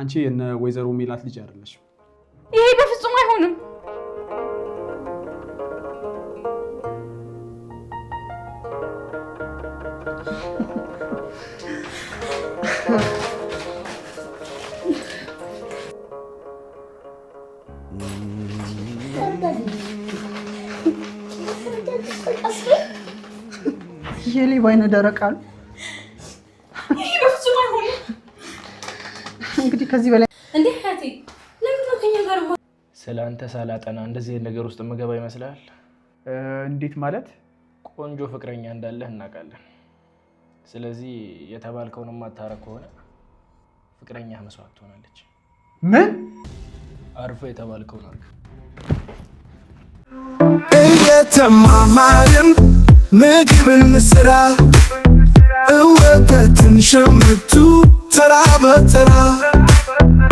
አንቺ የነ ወይዘሮ ሜላት ልጅ አይደለሽ። ይሄ በፍጹም አይሆንም። የሌባ አይነ ደረቃል ከዚህ በላይ እንዴ ሀያቴ ለምንድነው ከኛ ጋር ስለ አንተ ሳላጠና እንደዚህ ነገር ውስጥ ምገባ ይመስላል? እንዴት ማለት? ቆንጆ ፍቅረኛ እንዳለህ እናውቃለን። ስለዚህ የተባልከውን የማታረግ ከሆነ ፍቅረኛ መስዋዕት ትሆናለች። ምን አርፎ የተባልከውን አርግ። እየተማማርን ምግብን ስራ እወተትን ሸምቱ ተራ በተራ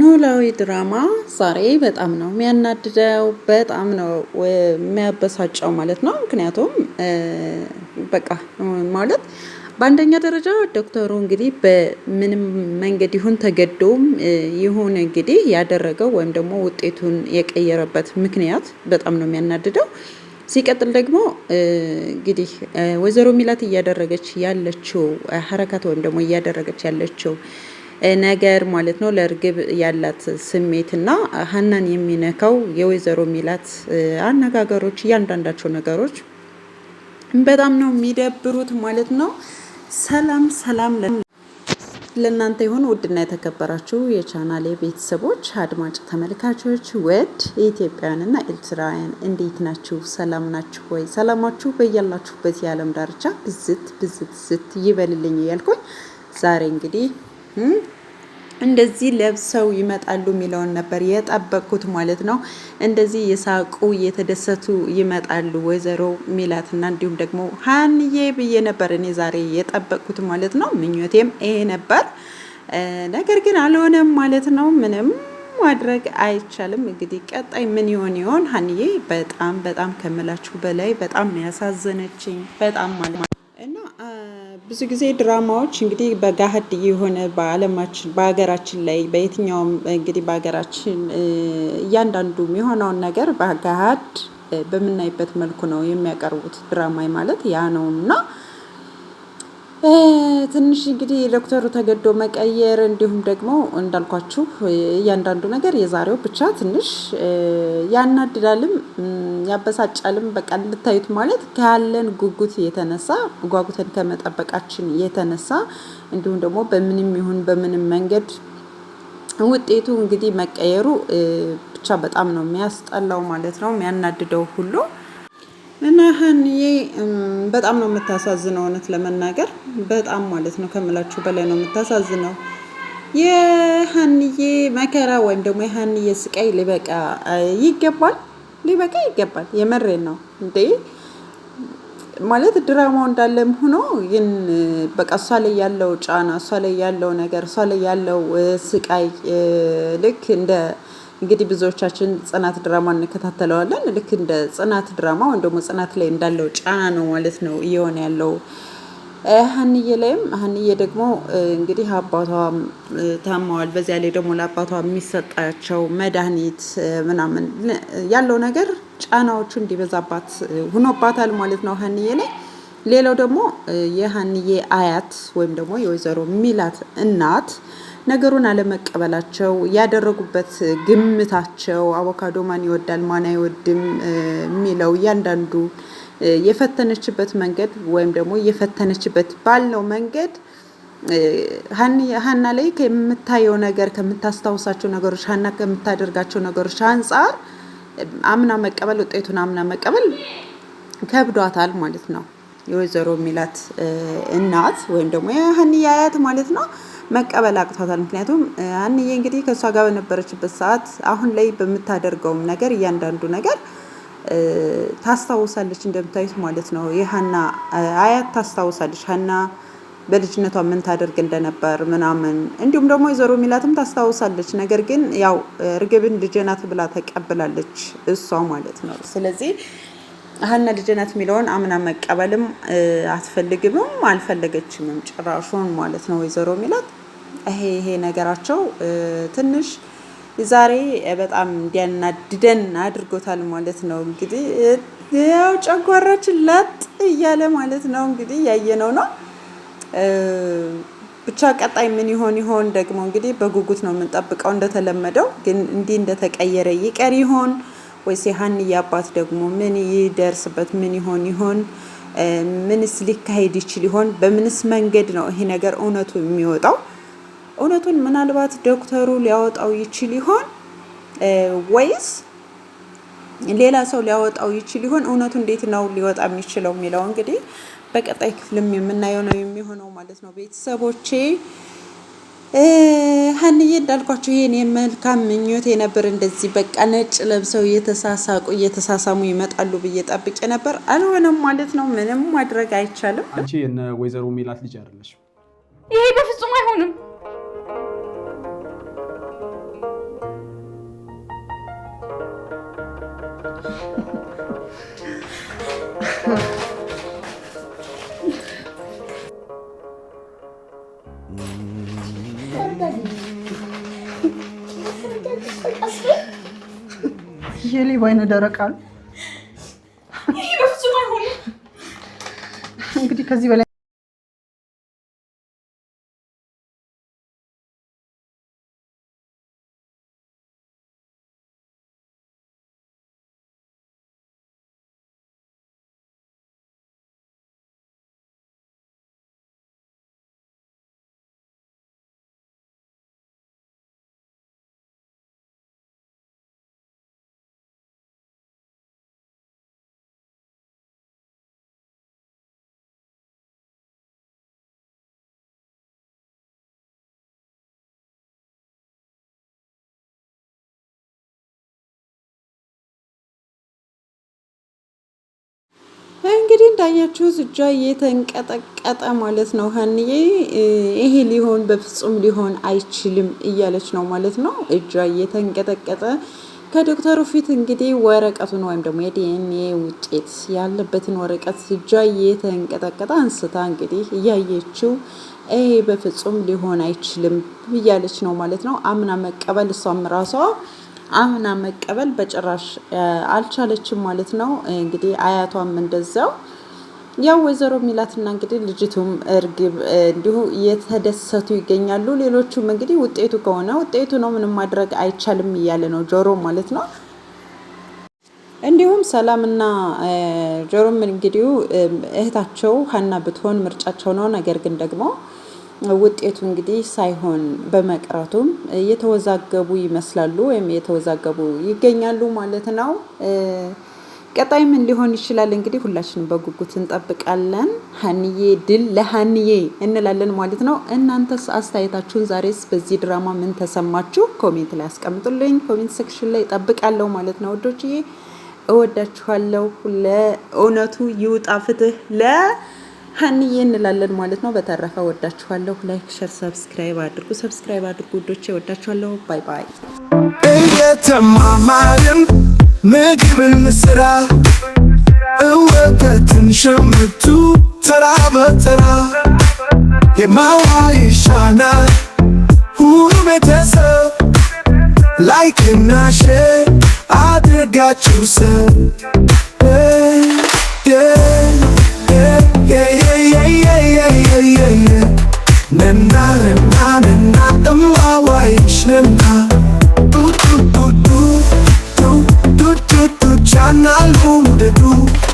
ኖላዊ ድራማ ዛሬ በጣም ነው የሚያናድደው፣ በጣም ነው የሚያበሳጨው ማለት ነው። ምክንያቱም በቃ ማለት በአንደኛ ደረጃ ዶክተሩ እንግዲህ በምንም መንገድ ይሁን ተገዶም ይሁን እንግዲህ ያደረገው ወይም ደግሞ ውጤቱን የቀየረበት ምክንያት በጣም ነው የሚያናድደው። ሲቀጥል ደግሞ እንግዲህ ወይዘሮ ሚላት እያደረገች ያለችው ሀረካት ወይም ደግሞ እያደረገች ያለችው ነገር ማለት ነው። ለእርግብ ያላት እና ሀናን የሚነካው የወይዘሮ ሚላት አነጋገሮች፣ እያንዳንዳቸው ነገሮች በጣም ነው የሚደብሩት ማለት ነው። ሰላም ሰላም ለእናንተ ይሁን ውድና የተከበራችሁ የቻናሌ ቤተሰቦች አድማጭ ተመልካቾች፣ ወድ የኢትዮጵያውያንና ኤርትራውያን እንዴት ናችሁ? ሰላም ናችሁ ወይ? ሰላማችሁ በያላችሁበት የዓለም ዳርቻ ብዝት ብዝት ዝት ይበልልኝ እያልኩኝ ዛሬ እንግዲህ እንደዚህ ለብሰው ይመጣሉ የሚለውን ነበር የጠበቅኩት ማለት ነው። እንደዚህ የሳቁ የተደሰቱ ይመጣሉ ወይዘሮ ሚላትና እንዲሁም ደግሞ ሀንዬ ብዬ ነበር እኔ ዛሬ የጠበቅኩት ማለት ነው። ምኞቴም ይሄ ነበር። ነገር ግን አልሆነም ማለት ነው። ምንም ማድረግ አይቻልም። እንግዲህ ቀጣይ ምን ይሆን ይሆን? ሀንዬ በጣም በጣም ከምላችሁ በላይ በጣም ያሳዘነችኝ በጣም ማለት እና ብዙ ጊዜ ድራማዎች እንግዲህ በጋህድ የሆነ በዓለማችን በሀገራችን ላይ በየትኛውም እንግዲህ በሀገራችን እያንዳንዱ የሆነውን ነገር በጋህድ በምናይበት መልኩ ነው የሚያቀርቡት። ድራማ ማለት ያ ነው እና ትንሽ እንግዲህ ዶክተሩ ተገዶ መቀየር እንዲሁም ደግሞ እንዳልኳችሁ እያንዳንዱ ነገር የዛሬው ብቻ ትንሽ ያናድዳልም ያበሳጫልም። በቃ እንድታዩት ማለት ካለን ጉጉት የተነሳ ጓጉተን ከመጠበቃችን የተነሳ እንዲሁም ደግሞ በምንም ይሁን በምንም መንገድ ውጤቱ እንግዲህ መቀየሩ ብቻ በጣም ነው የሚያስጠላው ማለት ነው የሚያናድደው ሁሉ እና ሀንዬ በጣም ነው የምታሳዝነው። እውነት ለመናገር በጣም ማለት ነው ከምላችሁ በላይ ነው የምታሳዝነው። የሀንዬ መከራ ወይም ደግሞ የሀንዬ ስቃይ ሊበቃ ይገባል፣ ሊበቃ ይገባል። የመሬ ነው እንዴ ማለት ድራማው እንዳለም ሆኖ ግን በቃ እሷ ላይ ያለው ጫና፣ እሷ ላይ ያለው ነገር፣ እሷ ላይ ያለው ስቃይ ልክ እንደ እንግዲህ ብዙዎቻችን ጽናት ድራማ እንከታተለዋለን። ልክ እንደ ጽናት ድራማ ወይም ደግሞ ጽናት ላይ እንዳለው ጫና ነው ማለት ነው እየሆነ ያለው ሀንዬ ላይም። ሀንዬ ደግሞ እንግዲህ አባቷ ታማዋል። በዚያ ላይ ደግሞ ለአባቷ የሚሰጣቸው መድኃኒት ምናምን ያለው ነገር ጫናዎቹ እንዲበዛባት ሁኖባታል ማለት ነው ሀንዬ ላይ። ሌላው ደግሞ የሀንዬ አያት ወይም ደግሞ የወይዘሮ ሚላት እናት ነገሩን አለመቀበላቸው ያደረጉበት ግምታቸው አቮካዶ ማን ይወዳል ማን አይወድም የሚለው እያንዳንዱ የፈተነችበት መንገድ ወይም ደግሞ የፈተነችበት ባለው መንገድ ሀና ላይ ከምታየው ነገር ከምታስታውሳቸው ነገሮች ሀና ከምታደርጋቸው ነገሮች አንጻር አምና መቀበል ውጤቱን አምና መቀበል ከብዷታል ማለት ነው። የወይዘሮ ሚላት እናት ወይም ደግሞ ሀኒ ማለት ነው። መቀበል አቅቷታል። ምክንያቱም አንዬ እንግዲህ ከእሷ ጋር በነበረችበት ሰዓት አሁን ላይ በምታደርገውም ነገር እያንዳንዱ ነገር ታስታውሳለች እንደምታዩት ማለት ነው። የሀና አያት ታስታውሳለች። ሀና በልጅነቷ ምን ታደርግ እንደነበር ምናምን፣ እንዲሁም ደግሞ ወይዘሮ ሚላትም ታስታውሳለች። ነገር ግን ያው ርግብን ልጄ ናት ብላ ተቀብላለች እሷ ማለት ነው። ስለዚህ ሀና ልጅ የሚለውን አምና መቀበልም አትፈልግምም አልፈለገችምም ጭራሹን ማለት ነው። ወይዘሮ ሚላት ይሄ ይሄ ነገራቸው ትንሽ ዛሬ በጣም እንዲያናድደን አድርጎታል ማለት ነው። እንግዲህ ያው ጨጓራችን ላጥ እያለ ማለት ነው እንግዲህ ያየነው ነው። ብቻ ቀጣይ ምን ይሆን ይሆን ደግሞ እንግዲህ በጉጉት ነው የምንጠብቀው። እንደተለመደው ግን እንዲህ እንደተቀየረ ይቀር ይሆን? ወይስ የሀንዬ አባት ደግሞ ምን ይደርስበት? ምን ይሆን ይሆን? ምንስ ሊካሄድ ይችል ይሆን? በምንስ መንገድ ነው ይሄ ነገር እውነቱ የሚወጣው? እውነቱን ምናልባት ዶክተሩ ሊያወጣው ይችል ይሆን ወይስ ሌላ ሰው ሊያወጣው ይችል ይሆን? እውነቱ እንዴት ነው ሊወጣ የሚችለው የሚለው እንግዲህ በቀጣይ ክፍልም የምናየው ነው የሚሆነው ማለት ነው ቤተሰቦቼ ሀንዬ እንዳልኳቸው ይሄን የመልካም ምኞት የነበር እንደዚህ በቃ ነጭ ለብሰው እየተሳሳቁ እየተሳሳሙ ይመጣሉ ብዬ ጠብቄ ነበር። አልሆነም ማለት ነው። ምንም ማድረግ አይቻልም። አንቺ የነ ወይዘሮ ሜላት ልጅ አይደለሽ። ይሄ በፍጹም አይሆንም። ሌባ አይነ ደረቅ አሉ። እንግዲህ ከዚህ በላይ እንግዲህ እንዳያችሁ እጇ እየተንቀጠቀጠ ማለት ነው። ሀንዬ ይሄ ሊሆን በፍጹም ሊሆን አይችልም እያለች ነው ማለት ነው። እጇ እየተንቀጠቀጠ ከዶክተሩ ፊት እንግዲህ ወረቀቱን ወይም ደግሞ የዲኤንኤ ውጤት ያለበትን ወረቀት እጇ እየተንቀጠቀጠ አንስታ እንግዲህ እያየችው ይሄ በፍጹም ሊሆን አይችልም እያለች ነው ማለት ነው። አምና መቀበል እሷም ራሷ አምና መቀበል በጭራሽ አልቻለችም ማለት ነው። እንግዲህ አያቷም እንደዛው ያው ወይዘሮ ሚላትና እንግዲህ ልጅቱም እርግብ እንዲሁ እየተደሰቱ ይገኛሉ። ሌሎቹም እንግዲህ ውጤቱ ከሆነ ውጤቱ ነው፣ ምንም ማድረግ አይቻልም እያለ ነው ጆሮ ማለት ነው። እንዲሁም ሰላምና ጆሮም እንግዲሁ እህታቸው ሀና ብትሆን ምርጫቸው ነው። ነገር ግን ደግሞ ውጤቱ እንግዲህ ሳይሆን በመቅረቱም እየተወዛገቡ ይመስላሉ ወይም እየተወዛገቡ ይገኛሉ ማለት ነው። ቀጣይ ምን ሊሆን ይችላል? እንግዲህ ሁላችንም በጉጉት እንጠብቃለን። ሀንዬ ድል ለሀንዬ እንላለን ማለት ነው። እናንተስ አስተያየታችሁን ዛሬስ በዚህ ድራማ ምን ተሰማችሁ? ኮሜንት ላይ አስቀምጡልኝ። ኮሜንት ሴክሽን ላይ እጠብቃለሁ ማለት ነው ወዶችዬ፣ እወዳችኋለሁ። ለእውነቱ ይውጣ ፍትህ ለ ሀንዬ እንላለን ማለት ነው። በተረፈ ወዳችኋለሁ። ላይክ፣ ሸር፣ ሰብስክራይብ አድርጉ። ሰብስክራይብ አድርጉ ውዶቼ፣ ወዳችኋለሁ። ባይ ባይ። እየተማማርን ምግብን ስራ እወተትን ሸምቱ ተራ በተራ የማዋ ይሻናል ሁሉ ቤተሰብ ላይክና ሼር አድርጋችሁ ሰብ yeah, Nena, nena, nena Tamlawa Tu, tu, tu, tu Tu, tu, tu, tu tu